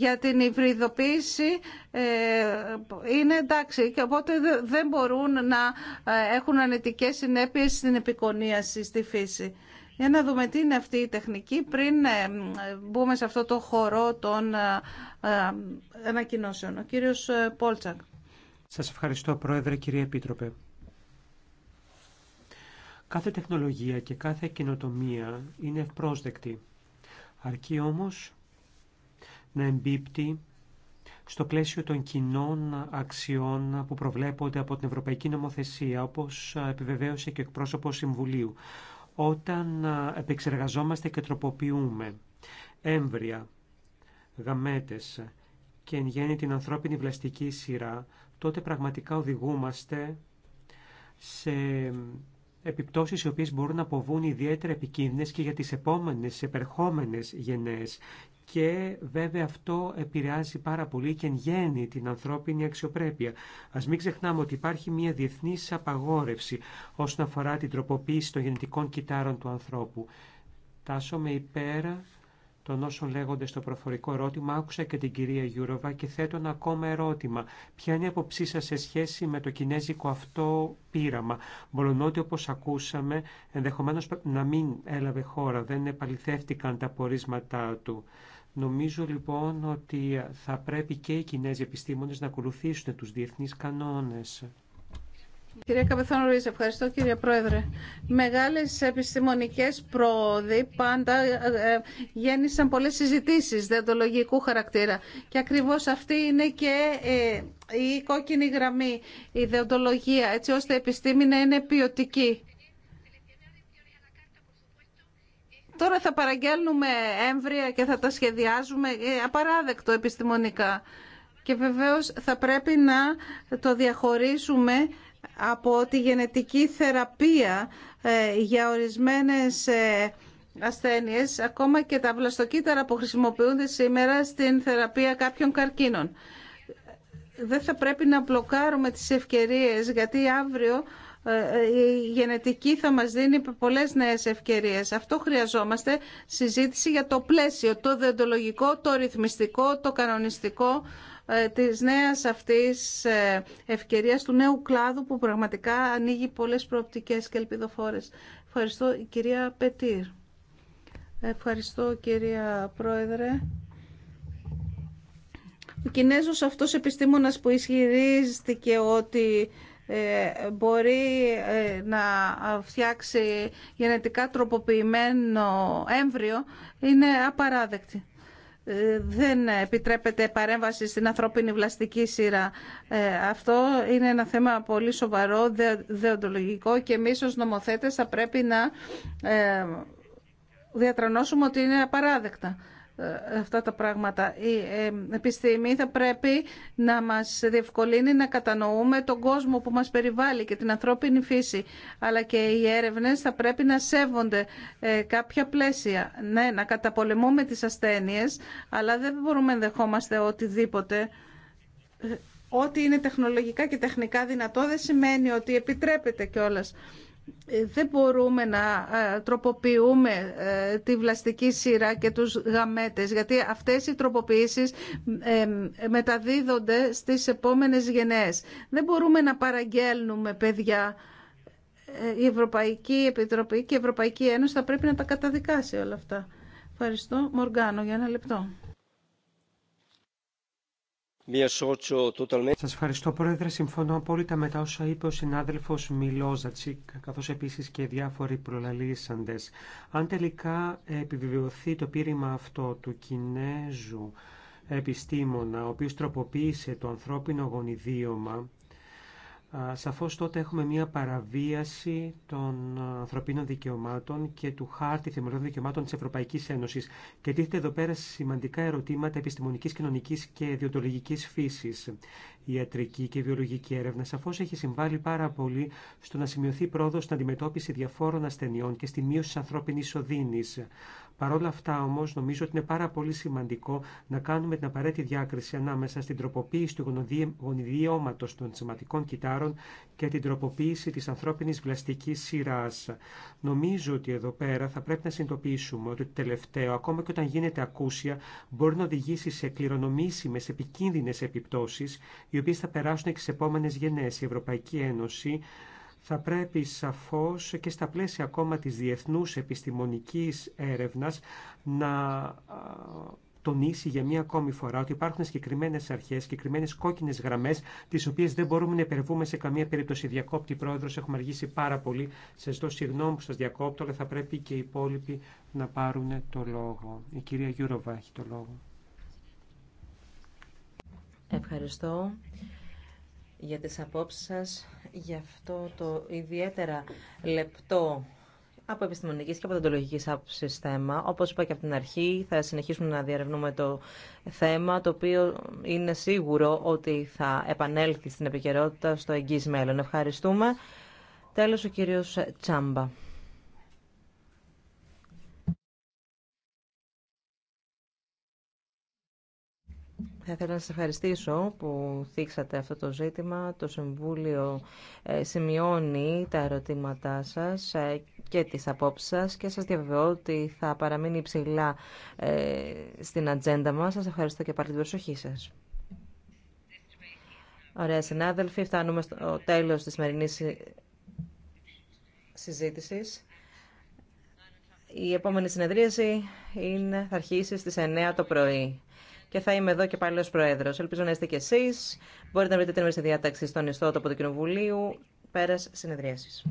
για την υβριδοποίηση ε, είναι εντάξει και οπότε δεν μπορούν να ε, έχουν ανετικές συνέπειες στην επικονίαση στη φύση. Για να δούμε τι είναι αυτή η τεχνική πριν ε, μπούμε σε αυτό το χωρό των ανακοινώσεων. Ο κύριος Πόλτσακ. Σας ευχαριστώ Πρόεδρε, κύριε Επίτροπε. Κάθε τεχνολογία και κάθε κοινοτομία είναι πρόσδεκτη. Αρκεί όμως να εμπίπτει στο πλαίσιο των κοινών αξιών που προβλέπονται από την Ευρωπαϊκή Νομοθεσία, όπως επιβεβαίωσε και ο εκπρόσωπος Συμβουλίου. Όταν επεξεργαζόμαστε και τροποποιούμε έμβρια, γαμέτες και εν γέννη την ανθρώπινη βλαστική σειρά, τότε πραγματικά οδηγούμαστε σε επιπτώσεις οι οποίες μπορούν να αποβούν ιδιαίτερα επικίνδυνες και για τις επόμενες, τις επερχόμενες γενναίες. Και βέβαια αυτό επηρεάζει πάρα πολύ και εν γέννη την ανθρώπινη αξιοπρέπεια. Ας μην ξεχνάμε ότι υπάρχει μια διεθνής απαγόρευση όσον αφορά την τροποποίηση των γενετικών κυτάρων του ανθρώπου. Τάσομαι υπέρα τον όσων λέγονται στο προφορικό ερώτημα, άκουσα και την κυρία Γιούροβα και θέτω ένα ακόμα ερώτημα. Ποια είναι η αποψή σα σε σχέση με το κινέζικο αυτό πείραμα, ότι όπω ακούσαμε, ενδεχομένω να μην έλαβε χώρα, δεν επαληθεύτηκαν τα πορίσματά του. Νομίζω λοιπόν ότι θα πρέπει και οι Κινέζοι επιστήμονες να ακολουθήσουν τους διεθνείς κανόνες. Κυρία Καπεθόν Ρουίζ, ευχαριστώ κύριε Πρόεδρε. Μεγάλες επιστημονικές πρόοδοι πάντα ε, γέννησαν πολλές συζητήσεις διοντολογικού χαρακτήρα και ακριβώς αυτή είναι και ε, η κόκκινη γραμμή, η διοντολογία, έτσι ώστε η επιστήμη να είναι ποιοτική. Τώρα θα παραγγέλνουμε έμβρια και θα τα σχεδιάζουμε ε, απαράδεκτο επιστημονικά. Και βεβαίως θα πρέπει να το διαχωρίσουμε από τη γενετική θεραπεία ε, για ορισμένες ε, ασθένειες, ακόμα και τα βλαστοκύτταρα που χρησιμοποιούνται σήμερα στην θεραπεία κάποιων καρκίνων. Δεν θα πρέπει να μπλοκάρουμε τις ευκαιρίες, γιατί αύριο ε, η γενετική θα μας δίνει πολλές νέες ευκαιρίες. Αυτό χρειαζόμαστε συζήτηση για το πλαίσιο, το δεντολογικό, το ρυθμιστικό, το κανονιστικό ε, της νέας αυτής ε, ευκαιρίας του νέου κλάδου που πραγματικά ανοίγει πολλές προοπτικές και ελπιδοφόρες. Ευχαριστώ κυρία Πετήρ. Ευχαριστώ κυρία Πρόεδρε. Ο Κινέζος αυτός επιστήμονας που ισχυρίστηκε ότι ε, μπορεί να φτιάξει γενετικά τροποποιημένο έμβριο είναι απαράδεκτη. Ε, δεν επιτρέπεται παρέμβαση στην ανθρώπινη βλαστική σειρά. Ε, αυτό είναι ένα θέμα πολύ σοβαρό, δεοντολογικό και εμείς ως νομοθέτες θα πρέπει να ε, διατρανώσουμε ότι είναι απαράδεκτα. Ε, αυτά τα πράγματα. Η ε, επιστήμη θα πρέπει να μας διευκολύνει να κατανοούμε τον κόσμο που μας περιβάλλει και την ανθρώπινη φύση. Αλλά και οι έρευνες θα πρέπει να σέβονται ε, κάποια πλαίσια. Ναι, να καταπολεμούμε τις ασθένειες, αλλά δεν μπορούμε να δεχόμαστε οτιδήποτε. Ό,τι είναι τεχνολογικά και τεχνικά δυνατό δεν σημαίνει ότι επιτρέπεται κιόλας. Ε, δεν μπορούμε να ε, τροποποιούμε ε, τη βλαστική σειρά και τους γαμέτες, γιατί αυτές οι τροποποιήσεις μεταδίδονται στις επόμενες γενναίες. Δεν μπορούμε να παραγγέλνουμε παιδιά. Η Ευρωπαϊκή Επιτροπή και η Ευρωπαϊκή Ένωση θα πρέπει να τα καταδικάσει όλα αυτά. Ευχαριστώ. Μοργάνο, για ένα λεπτό. Σα ευχαριστώ, Πρόεδρε. Συμφωνώ απόλυτα με τα όσα είπε ο συνάδελφο Μιλόζατσικ, καθώ επίση και διάφοροι προλαλήσαντε. Αν τελικά επιβεβαιωθεί το πείρημα αυτό του Κινέζου επιστήμονα, ο οποίο τροποποίησε το ανθρώπινο γονιδίωμα, Σαφώς τότε έχουμε μια παραβίαση των ε, ανθρωπίνων δικαιωμάτων και του χάρτη θεμελιών δικαιωμάτων της Ευρωπαϊκής Ένωσης και τίθεται εδώ πέρα σημαντικά ερωτήματα επιστημονικής, κοινωνικής και διοντολογικής φύσης. Η ιατρική και η βιολογική έρευνα σαφώς έχει συμβάλει πάρα πολύ στο να σημειωθεί πρόοδος στην αντιμετώπιση διαφόρων ασθενειών και στη μείωση της ανθρώπινης οδύνης. Παρ' όλα αυτά όμως νομίζω ότι είναι πάρα πολύ σημαντικό να κάνουμε την απαραίτητη διάκριση ανάμεσα στην τροποποίηση του γονιδιώματος των σημαντικών κιτάρων και την τροποποίηση της ανθρώπινης βλαστικής σειράς. Νομίζω ότι εδώ πέρα θα πρέπει να συνειδητοποιήσουμε ότι το τελευταίο, ακόμα και όταν γίνεται ακούσια, μπορεί να οδηγήσει σε κληρονομήσιμες επικίνδυνες επιπτώσεις, οι οποίες θα περάσουν και στις επόμενες γενές Η Ευρωπαϊκή Ένωση θα πρέπει σαφώς και στα πλαίσια ακόμα της διεθνούς επιστημονικής έρευνας να τονίσει για μία ακόμη φορά ότι υπάρχουν συγκεκριμένε αρχέ, συγκεκριμένε κόκκινες γραμμές, τις οποίες δεν μπορούμε να υπερβούμε σε καμία περίπτωση. Διακόπτη Πρόεδρος, έχουμε αργήσει πάρα πολύ. Σα δω συγγνώμη που σα διακόπτω, αλλά θα πρέπει και οι υπόλοιποι να πάρουν το λόγο. Η κυρία Γιούροβα έχει το λόγο. Ευχαριστώ για τις απόψεις σας για αυτό το ιδιαίτερα λεπτό από επιστημονικής και από άποψης θέμα. Όπως είπα και από την αρχή, θα συνεχίσουμε να διαρευνούμε το θέμα, το οποίο είναι σίγουρο ότι θα επανέλθει στην επικαιρότητα στο εγγύς μέλλον. Ευχαριστούμε. Τέλος, ο κύριος Τσάμπα. Θα ήθελα να σας ευχαριστήσω που θίξατε αυτό το ζήτημα. Το Συμβούλιο ε, σημειώνει τα ερωτήματά σας ε, και τις απόψεις σας και σας διαβεβαιώ ότι θα παραμείνει υψηλά ε, στην ατζέντα μας. Σας ευχαριστώ και πάλι την προσοχή σας. Ωραία, συνάδελφοι, φτάνουμε στο τέλος της σημερινής συζήτησης. Η επόμενη συνεδρίαση είναι, θα αρχίσει στις 9 το πρωί και θα είμαι εδώ και πάλι ω Πρόεδρο. Ελπίζω να είστε και εσεί. Μπορείτε να βρείτε την ημερήσια διάταξη στον ιστότοπο του Κοινοβουλίου. Πέρα συνεδρίαση.